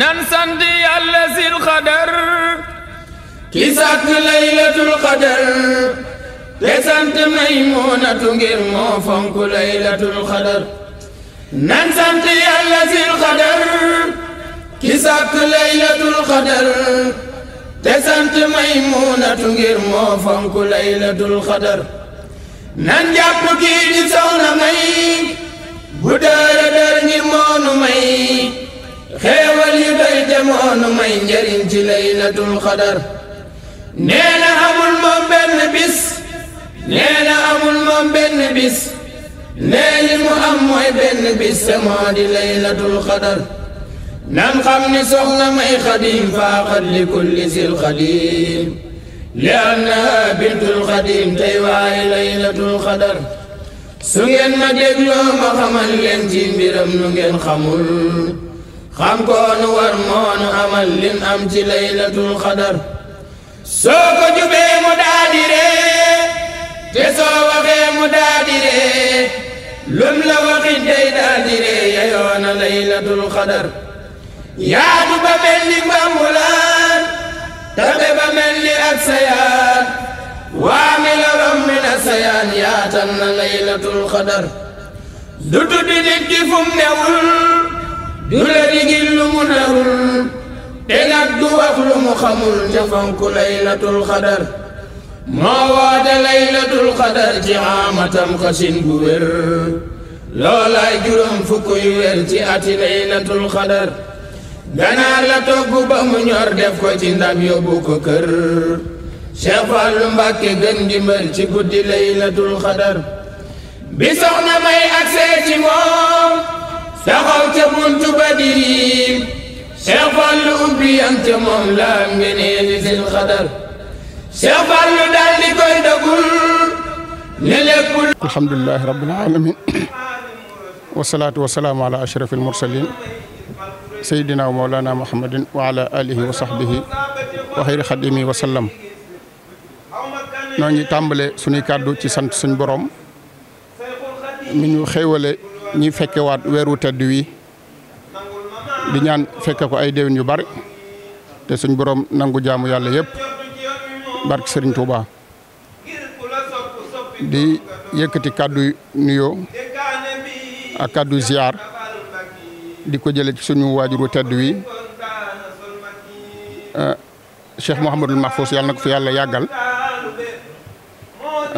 nan sant yàlla sil xadar ki sàkk laylatul xadar te sant maymuunatu ngir moo fonk laylatul xadar nan sant yàlla sil xadar ki sàkk laylatul xadar te sant maymuunatu ngir moo fonk laylatul xadar nan jàpp kii di soxna may bu dërëdër ngir moonu may xéewal yu doy may njariñ ci laylatul xadar nee na amul moom benn bis nee na amul moom benn bis nee li mu am mooy benn bis te moo di laylatul xadar nan xam ni soxna may xadim faaxat li kulli sil xadim li annaha bintul xadim tey waaye laylatul xadar su ngeen ma dégloo ma xamal leen nu ngeen xamul xam koo nu war moo amal lin am ci laylatul xadar soo ko jubee mu daadi ree te soo mu daadi lum la waxit day daadi ree yayoona laylatul xadar yaatu ba mel ni mbambulaan tabe ba mel ak sayaan waa la rommi na sayaan yaatal na laylatul xadar du tuddi nit ki du la digil lu mu narul te du wax mu xamul te laylatul xadar moo woote laylatul xadar ci amatam xasin bu wér loolaay juróom fukk wér ci ati laylatul xadar ganaar la togg ba mu ñor def ko ci ndab yóbbu ko kër Cheikh Fallou Mbàkke gën di mbër ci guddi laylatul xadar bi soxna may agsee ci moom taxaw ca buntu Badiri Cheikh Fallu moom la ngeneel seen xadar Cheikh Fallu daal di koy dagul ne léppul alhamdulilahi rabbil alamin wasalaatu wasalaamu ala ashraf almursalin sayyidina wa mawlana muhammadin wa ala alihi wa sahbihi wa xayri xadimi wa sallam noo ngi tàmbale suñuy kàddu ci sant suñ borom mi ñu xéewale ñi fekke waat weeru teddu wi di ñaan fekke ko ay déwén yu bari te suñ boroom nangu jaamu yàlla yëpp barke Serigne Touba di yëkkati kàddu nuyoo ak kàddu ziar di ko jële ci suñu waajuru tedd wi eh, Cheikh Mouhamadul Mahfous yàlla na ko fi yàlla yàggal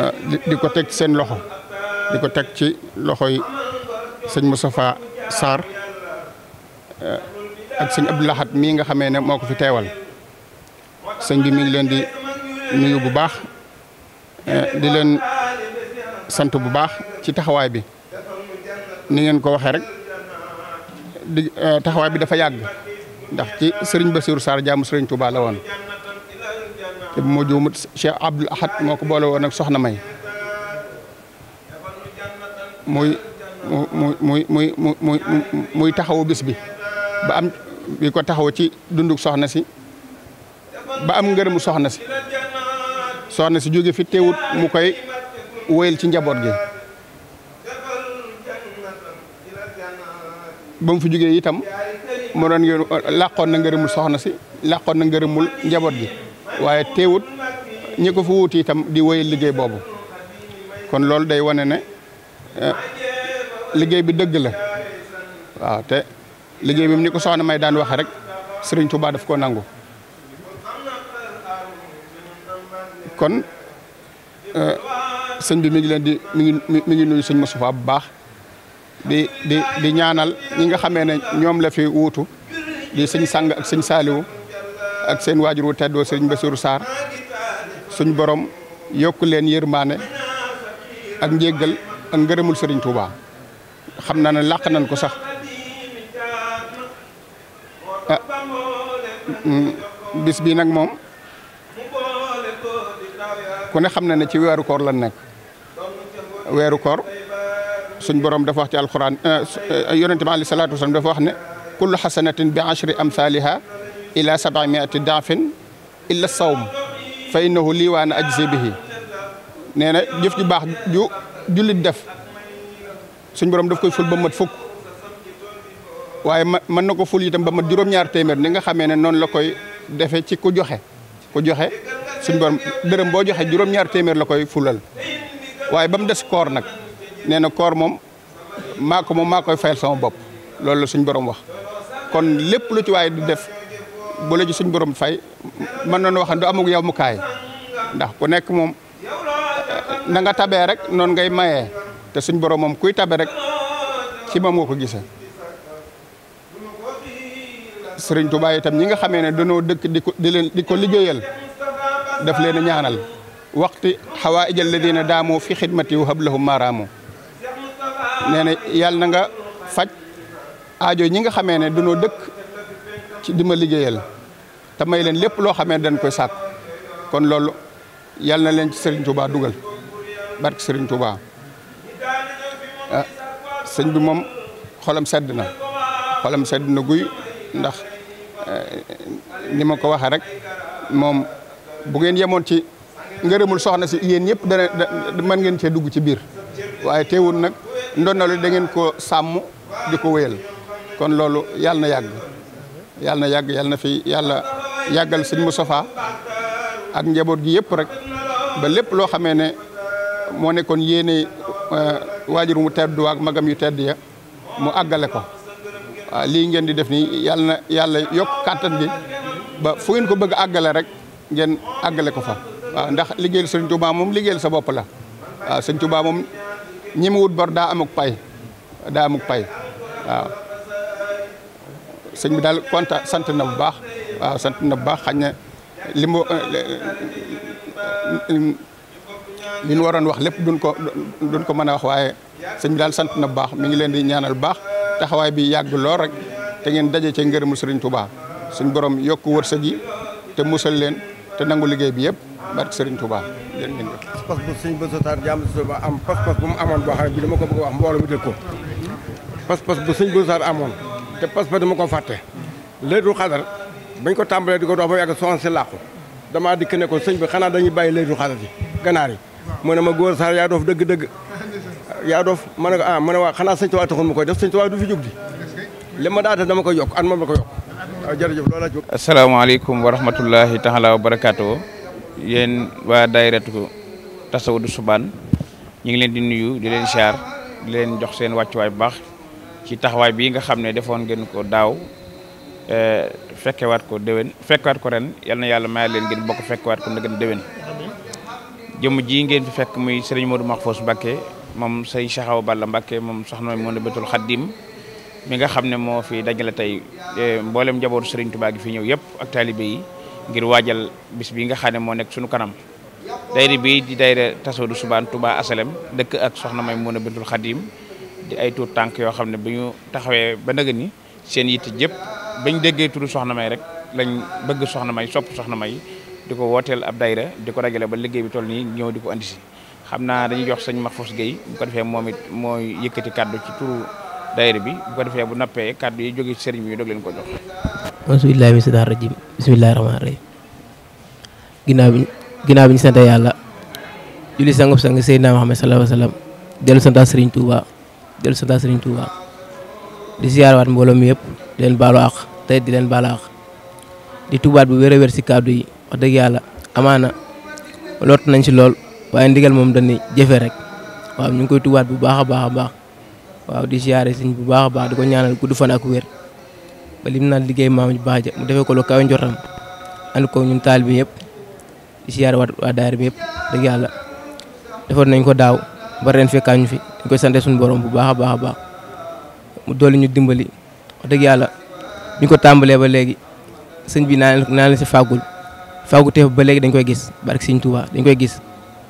eh, di ko teg seen loxo di ko teg ci loxo yi sëñ Moustapha Sarr eh, ak sëñ Abdou Lahad mii nga xamee ne moo ko fi teewal sëñ bi mi leen di nuyu bu baax eh, di leen sant bu baax ci taxawaay bi ni ngeen ko waxee rek di eh, taxawaay bi dafa yàgg ndax ci sëriñ Bassirou Sarr jaamu sëriñ Touba la woon te bu ma juumut Cheikh moo ko boole woon ak Soxna May muy muy muy muy muy taxawu bis bi ba am bi ko taxaw ci dunduk soxna si ba am mu soxna si soxna si jóge fi teewut mu koy wóyal ci njaboot gi ba mu fi jógee itam mu doon ngeen làqoon na mu soxna si làqoon na ngërëmul njaboot gi waaye teewut ñi ko fi wuuti itam di wóyal liggéey boobu kon loolu day wane ne eh, liggéey bi dëgg la waaw te liggéey bi ni ko soxna may daan waxe rek Serigne Touba daf koo nangu kon euh, sëñ bi mi ngi leen di mi ngi mi ngi nuyu sëñ Moustapha bu baax di di di ñaanal ñi nga xamee ne ñoom la fi wuutu di sëñ Sang ak sëñ Saaliwu ak seen waajur wu teddoo sëriñ Bassirou Sarr suñ borom yokk leen yërmaane ak njéggal ak ngërëmul sëriñ Touba. xam naa ne làq nañ ko sax ah mm, bis bii nag moom ku ne xam na ne ci weeru koor lan nekk weeru koor suñ borom dafa wax ci alxuraan eh, eh, yonente bi alayhi salaatu wasalaam dafa wax ne kullu xasanatin bi ashri amsaaliha ila sabamiati daafin illa sawm fa innahu liiwaan ajzi bihi nee na jëf ju baax ju jullit def suñ borom daf koy ful ba mu mat fukk waaye ma mën na ko ful itam ba mat juróom-ñaar téeméer ni nga xamee ne noonu la koy defee ci ku joxe ku joxe suñ borom dërëm boo joxe juróom-ñaar téeméer la koy fulal waaye ba mu des koor nag nee na koor moom maa ko moom maa koy fayal sama bopp loolu la suñ borom wax kon lépp lu ci waaye du def bu la suñ borom fay mën nañu wax ne du amug yow mu kaay ndax ku nekk moom na nga tabee rek noonu ngay maye te suñ moom kuy tabe rek ci moom nga ko gisee sëriñ Tuubaa itam ñi nga xamee ne danoo dëkk di ko di leen di ko liggéeyal def leen a ñaanal waxti xawaa ijal ladina daamoo fi xidmati wa hablahum maaraamu nee na yàlla na nga faj aajo ñi nga xamee ne danoo dëkk ci di ma liggéeyal te may leen lépp loo xamee dañ koy sàkk kon loolu yàlla na leen ci sëriñ Tuubaa dugal barke sëriñ ah sëñ bi moom xolam sedd na xolam sedd na guy ndax eh, ni ma ko waxee rek moom bu ngeen yemoon ci ngërëmul soxna si yéen ñëpp dana mën ngeen cee dugg ci biir waaye teewul nag ndonalu da ngeen ko sàmm di ko wéyal kon loolu yàlla na yàgg yàlla na yàgg yàlla na fi yàlla yàggal sëñ Moustapha ak njaboot gi yépp rek ba lépp loo xamee ne moo nekkoon yéene eh, waajur mu tedd waag magam yu tedd ya mu àggale ko waaw lii ngeen di def nii yàlla na yàlla yokk kàttan gi ba fu ngeen ko bëgg àggale rek ngeen àggale ko fa waaw ndax liggéey sëñ Tuubaa moom liggéey sa bopp la waaw sëñ Tuubaa moom ñi mu wut bor daa amuk pay daa amuk pay waaw sëñ bi daal kontaan sant na bu baax waaw sant na bu baax xañ na li eh, eh, li ñu waroon wax lépp duñ ko duñ ko mën a wax waaye sëñ bi daal sant na bu baax mi ngi leen di ñaanal baax taxawaay bi yàgg lool rek te ngeen daje ci ngërëmu sëriñ Touba suñ borom yokk wërsëg yi te musal leen te nangu liggéey bi yëpp barke sëriñ Touba jërë ngeen jëf. pas pas sëñ Bousso Sarr jàmm si am pas pas bu mu amoon boo xam ne bi dama ko bëgg wax mbooloo mi dëkk ko pas pas bu sëñ Bousso Sarr amoon te pas pas dama ko fàtte Laylatul Qadr bañ ko tàmbalee di ko dox ba yàgg soxna si làqu damaa dikk ne ko sëñ bi xanaa dañuy bàyyi Laylatul Qadr yi ganaar yi mu ne ma góor saar yaa dëgg-dëgg yaa doof ma ne ko ah waa xanaa sëñ Tuubaa taxul mu koy def sëñ Tuubaa du fi jóg di li ma daata dama koy yokk an moom la ko yokk waaw jërëjëf loola jóg asalaamaaleykum wa rahmatullahi taala wa barakaatu yéen waa daayiratu tasawudu subaan ñu ngi leen di nuyu di leen siyaar leen jox seen wàccuwaay bu baax ci taxawaay bii nga xam ne defoon ngeen ko daaw eh, fekkewaat ko déwén fekkewaat ko ren yal na yàlla mayal leen ngeen bokk waat ko na gën déwén jëmm ji ngeen fi fekk muy sëriñ Modou Mahfous Mbacké moom sëriñ Cheikh Awa Balla Mbacké moom soxna moo ne Bétul Xaddim mi nga xam ne moo fi dajale tey e, mboolem njabootu seriñ Touba gi fi ñëw yëpp ak taalibe yi ngir waajal bis bi nga xam ne moo nekk suñu kanam dayre bi di dayre tasawdu subaan tubaa asalem dëkk ak soxna may mun a bintul xadim di ay tuut tànk yoo xam ne bu ñu taxawee ba nëgë ni seen yitte jëpp bañ déggee turu soxna may rek lañ bëgg soxna may sopp soxna may di ko wooteel ab dayra di ko rajale ba liggéey bi toll nii ñëw di ko andi si xam naa dañuy jox sëñ Mahfous Guèye bu ko defee moom it mooy yëkkati kaddu ci turu dayra bi bu ko defee bu nappee kaddu yi jóge sëriñ bi ñu doog leen ko jox. bisimilah min seytaan rajim ginnaaw bi ginnaaw bi ñu yàlla julli sangub sang Seydina Muhammad sallallahu alayhi wasallam dellu sant sëriñ Touba dellu sant sëriñ Touba di siyaarawaat mbooloo mi yëpp leen baalu àq tey di leen baalu àq di tubaat bu wér a wér si yi. wax dëgg yàlla amaana lot nañ si lool waaye ndigal moom dañuy jëfee rek waaw ñu ngi koy tubaat bu baax a baax a baax waaw di siyaare sëñ bu baax a baax di ko ñaanal gudd fan ak wér ba lim liggéey maam ji baax ja mu defee ko lu kawe njortam ànd ko ñun taal bi yëpp di siyaare waat waa daayira yëpp dëgg yàlla defoon nañ ko daaw ba ren fekkaa ñu fi ñu koy sante suñu borom bu baax a baax a baax mu dolli ñu dimbali wax dëgg yàlla ñu ko tàmbalee ba léegi sëñ bi naa naa leen si fàggul faagu teef ba léegi dañ koy gis barke Sëñ Tuuba dañ koy gis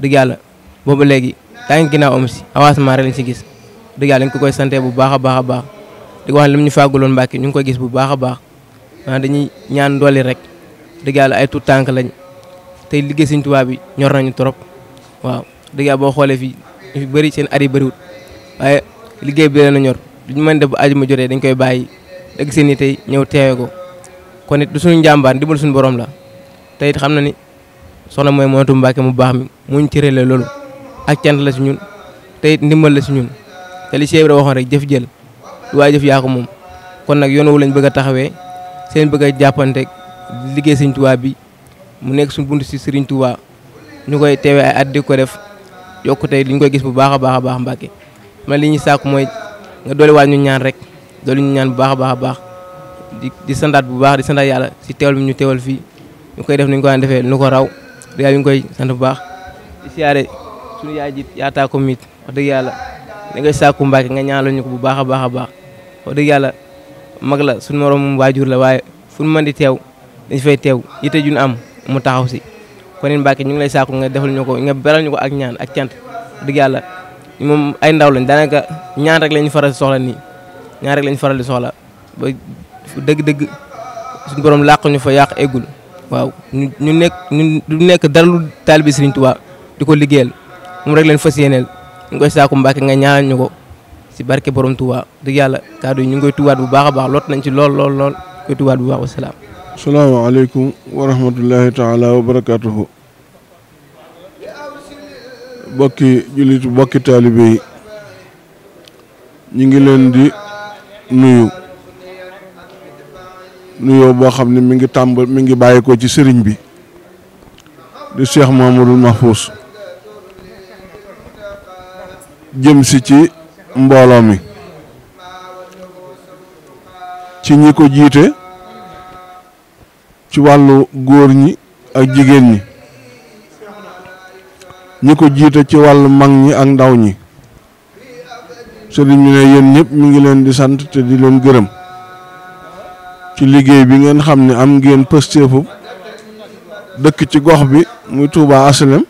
dëgg yàlla booba léegi daa ginaaw ginnaaw am si lañ si gis dëgg yàlla dañ ko koy sante bu baax a baax a baax di wax ne lim ñu fàgguloon Mbàkke ñu ngi koy gis bu baaxa baax waaw ah, dañuy ñaan doole rek dëgg yàlla ay tuut tànk lañ tey liggéey siñ Tuuba bi ñor nañu trop waaw dëgg boo xoolee fii fi bari seen at yi waaye liggéey bi leen a ñor duñu mën def bu àjjuma jotee dañ koy bàyyi dëgg seen i tey ñëw teewe ko kon it du suñu njàmbaar ndimbal suñu borom la te xam na ni soxna mooy moytu Mbàkke mu baax mi muñ ci réelé loolu ak cant la si ñun te it ndimbal la si ñun te li Cheikh Ibra waxoon rek jëf jël waaye jëf yaa ko moom kon nag yoon wu lañ bëgg a taxawee seen bëgg a jàppante liggéey Sëriñ Tuubaa bi mu nekk suñ bunt si Sëriñ Tuubaa ñu koy teewee ay at di ko def yokku tey liñ koy gis bu baax a baax a baax Mbàkke man li ñu sàkku mooy nga doole waat ñu ñaan rek doole ñu ñaan bu baax a sandaat bu baax ñu koy def ni ñu ko daan defee nu ko raw di ñu koy sant bu baax di siyaare suñu yaay ji yaataa ko mit wax dëgg yàlla da ngay sàkku nga ñaanal ñu ko bu baax a baax a baax dëgg yàlla mag la suñu moroom waajur la waaye fu mu mën di teew dañ fay teew yitte ju am mu taxaw si kon it mbàkke ñu ngi lay sàkku nga defal ñu ko nga beral ñu ko ak ñaan ak cant wax dëgg yàlla moom ay ndaw lañ daanaka ñaan rek lañ faral di soxla nii ñaan rek lañ faral di soxla ba dëgg-dëgg suñu borom làq ñu fo yàq eggul waaw ñu ñu nekk ñu du nekk dara di ko liggéeyal moom rek leen fas yéeneel ñu koy saakum Mbàkke nga ñaanal ñu ko si barke borom Touba dëgg yàlla kàddu yi ñu ngi koy tuwaat bu baax a baax loot nañ ci lool lool lool koy tuwaat bu baax wa salaam. salaamaaleykum wa rahmatullahi taala wa barakaatuhu. bokki jullit bokki taalibe yi ñu ngi leen di nuyu. nuyoo boo xam ne mi ngi tàmb mi ngi bàyyi ko ci sëriñ bi di Cheikh Mamadou Mahfous jëm si ci mbooloo mi ci ñi ko jiite ci wàllu góor ñi ak jigéen ñi ñi ko jiite ci wàllu mag ñi ak ndaw ñi sëriñ bi ne yéen ñëpp mi ngi leen di sant te di leen gërëm ci liggéey bi ngeen xam ne am ngeen pëstéefu dëkk ci gox bi muy Touba Asalem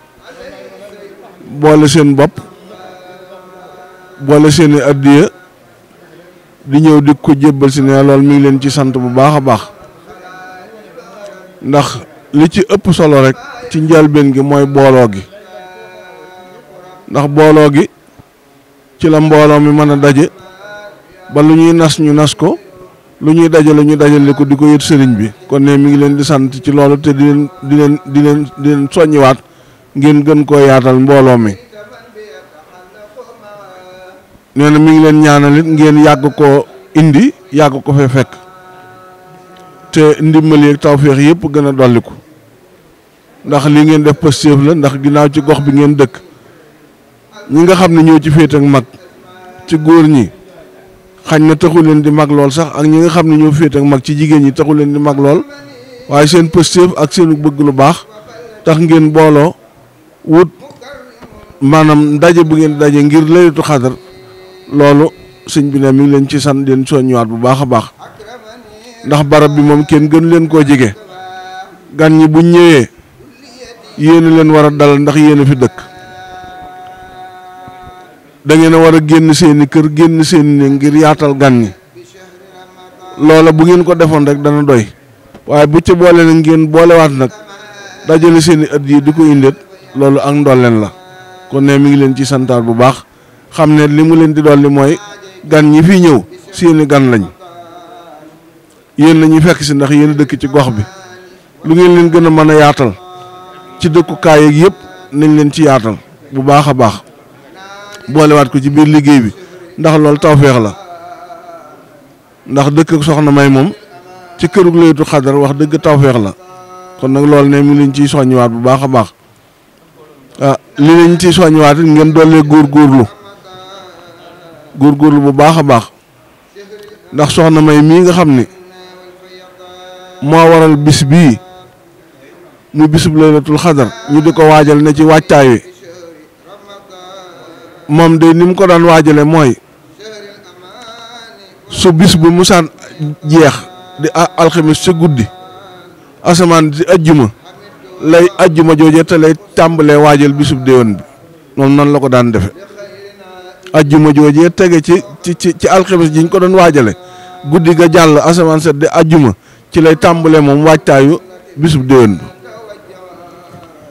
boole seen bopp boole seeni addiya di ñëw di ko jébbal si ne lool mi ngi leen ci sant bu baax a baax ndax li ci ëpp solo rek ci njëlbeen gi mooy booloo gi ndax booloo gi ci la mbooloo mi mën a daje ba lu ñuy nas ñu nas ko lu ñuy dajale ñu dajale ko di ko yët sëriñ bi kon ne mi ngi leen di sant ci loolu te di leen di leen di leen leen soññiwaat ngeen gën koo yaatal mbooloo mi nee na mi ngi leen ñaanalit ngeen yàgg koo indi yàgg ko fa fekk te ndimbal yeeg tawféex yëpp gën a dolliku ndax li ngeen def positif la ndax ginnaaw ci gox bi ngeen dëkk ñi nga xam ne ñoo ci féet mag ci góor ñi xañ na taxu leen di mag lool sax ak ñi nga xam ne ñoo féet ak mag ci jigéen ñi taxu leen di mag lool waaye seen pëstéef ak seenu bëgg lu baax tax ngeen booloo wut maanaam ndaje bu ngeen daje ngir laytu xadar loolu sëñ bi ne mi ngi leen ci sant leen soññuwaat bu baax a baax ndax barab bi moom kenn gën leen koo jege gan ñi buñ ñëwee yéen leen war a dal ndax yéen a fi dëkk da ngeen a war a génn seeni kër génn seeni ne ngir yaatal gan ñi loola bu ngeen ko defoon rek dana doy waaye bu ci boole nag ngeen boolewaat nag dajale seeni at yi di ko indeet loolu ak ndolleen la kon ne mi ngi leen ci santaar bu baax xam ne li mu leen di dolli mooy gan ñi fi ñëw seeni gan lañ yéen la ñuy fekk si ndax yéen dëkk ci gox bi lu ngeen leen gën a mën a yaatal ci dëkkukaay yeeg yëpp nañ leen ci yaatal bu baax a baax. boolewaat ko ci biir liggéey bi ndax loolu tawféex la ndax dëkk soxna may moom ci kërug Laylatul Qadr wax dëgg tawféex la kon nag loolu ne mu leen ciy soññiwaat bu baax a baax ah li leen ciy soññiwaat it ngeen doolee góorgóorlu góorgóorlu bu baax a baax ndax soxna may mii nga xam ni moo waral bis bii mu bisub Laylatul Qadr ñu di ko waajal ne ci waajtaay wi moom de ni mu ko daan waajale mooy su bis bu musaan jeex di alxamis ci guddi asamaan si ajjuma lay ajjuma jooje te lay tàmbalee waajal bisub déwén bi moom nan la ko daan defe ajjuma jooje tege ci ci ci ci alxamis ji ko doon waajale guddi ga jàll asamaan set di ajjuma ci lay tàmbalee moom waajtaayu bisub déwén bi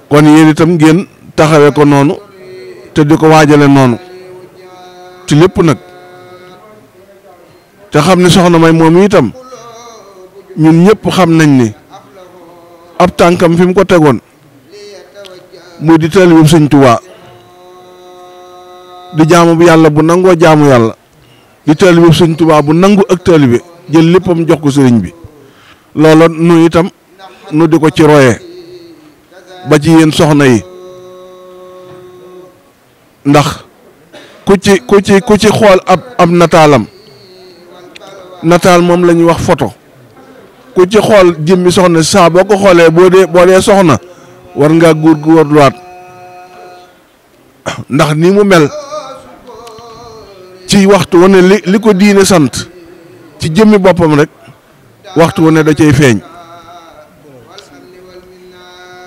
kon yéen itam ngeen taxawee ko noonu te di ko waajale noonu ci lépp nag te xam ne soxna may moom itam ñun ñëpp xam nañ ni ab tànkam fi mu ko tegoon muy di taalibu Sëñ Tuubaa di jaamu bu yàlla bu nangoo jaamu yàlla di taalibu Sëñ Tuubaa bu nangu ak taalibe jël léppam jox ko sëriñ bi loola nu itam nu di ko ci royee ba ci yéen soxna yi ndax ku ci ku ci xool ab ab nataalam nataal moom lañuy wax foto ku ci xool jëmmi soxna saa boo ko xoolee boo dee boo soxna war ngaa góor gu war ndax nii mu mel ci waxtu wu ne li ko diine sant ci jëmmi boppam rek waxtu wu ne da cay feeñ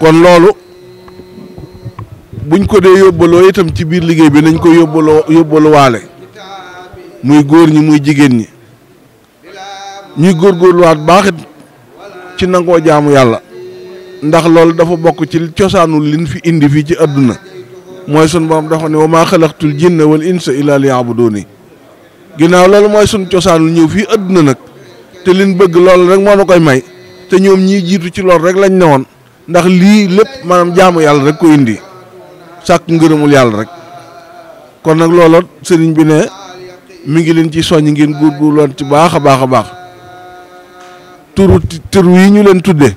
kon loolu buñ ko dee yóbbaloo itam ci biir liggéey bi nañ koy yóbbaloo yóbbaluwaale muy góor ñi muy jigéen ñi ñuy góor góorgóorluwaat baaxit ci nangoo jaamu yàlla ndax loolu dafa bokk ci cosaanu liñ fi indi fii ci àdduna mooy sun borom dafa ne wa maa xalaqtul jinna wal insa illaa liya'buduuni ginnaaw lool mooy sun cosaanu ñëw fii àdduna nag te liñ bëgg loolu rek moo koy may te ñoom ñii jiitu ci loolu rek lañ newoon ndax lii lépp maanaam jaamu yàlla rek ko indi sàkk ngërëmul yàlla rek kon nag loola sëriñ bi ne mi ngi leen ci soññ ngeen góorgóorloon ci baax a baax a baax turu tur yi ñu leen tudde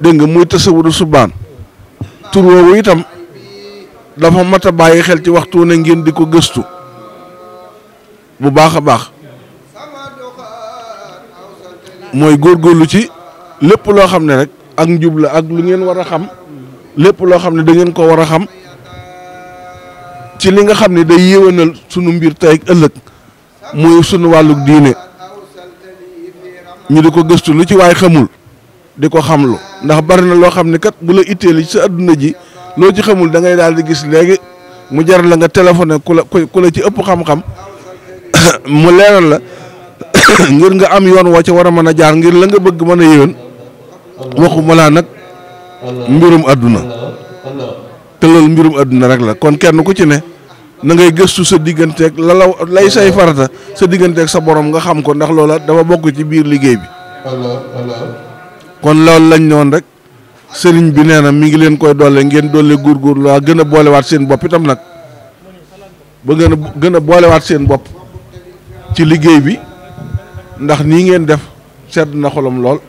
dégg nga muy tasawuru subaan tur woowu itam dafa mat a bàyyi xel ci waxtu ne ngeen di ko gëstu bu baax a baax mooy góor góorlu ci lépp loo xam ne rek ak njubla la ak lu ngeen war a xam lépp loo xam ne da ngeen ko war a xam ci li nga xam ne day yéwénal sunu mbir tey ak ëllëg muy sunu wàlluk diine ñu di ko gëstu lu ci waay xamul di ko xamlu ndax bari na loo xam ne kat bu la itteel ci sa adduna ji loo ci xamul dangay daal di gis léegi mu jar la nga téléphoné ku kula ci ëpp xam-xam mu leeral la ngir nga am yoon woo ca war a mën a jaar ngir la nga bëgg mën a yéwén waxuma laa nag mbirum àdduna te loolu mbirum àdduna rek la kon kenn ku ci ne na ngay gëstu sa digganteeg la lay say farata sa digganteek sa borom nga xam ko ndax loola dafa bokk ci biir liggéey bi kon loolu lañ noon rek sëriñ bi nee na mi ngi leen koy doole ngeen doole góorgóorlu waa gën a boolewaat seen bopp itam nag ba gën gën a boolewaat seen bopp ci liggéey bi ndax nii ngeen def sedd na xolom lool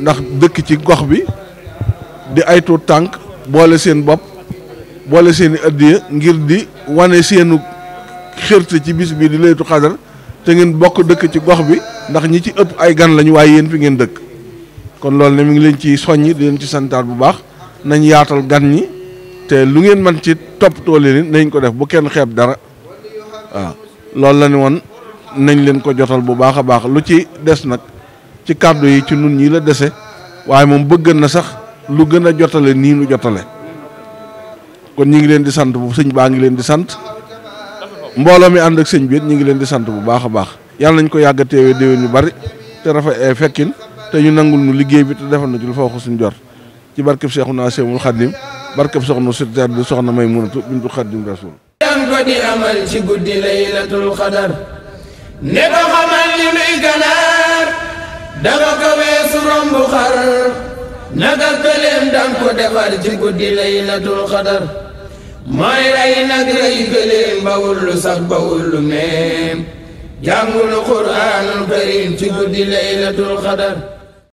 ndax dëkk ci gox bi di ay tuut tànk boole seen bopp boole seeni i addiya ngir di wane seenu xërte ci bis bii di Laylatul Qadr te ngeen bokk dëkk ci gox bi ndax ñi ci ëpp ay gan lañu waaye yéen fi ngeen dëkk kon loolu ne mi ngi leen ci soññ di leen ci santaat bu baax nañ yaatal gan ñi te lu ngeen man ci topp tool yi nañ ko def bu kenn xeeb dara waaw loolu la ne woon nañ leen ko jotal bu baax a baax lu ci des nag ci kàddu yi ci nun ñi la dese waaye moom bëgg na sax lu gën a jotale nii nu jotale kon ñi ngi leen di sant bu sëñ baa ngi leen di sant mbooloo mi ànd ak sëñ bi it ñi ngi leen di sant bu baax a baax yàlla nañ ko yàgg a teewee déwén yu bari te rafet fekkin te ñu nangul nu liggéey bi te defal na ci lu foofu suñ jor ci barkeb Seexuna Seexul Xaadim barkeb soxna si ter bi soxna may munatu bintu Xaadim Rasuul yan ko di amal ci guddi laylatul xadar ne ko dafa ko weesu romb xar nagal bëleem daan ko defar ci guddi laylatul xadar mooy rey nag rey bëleem bawul lu sax bawul lu meem jàngulu quraanul karim ci guddi laylatul xadar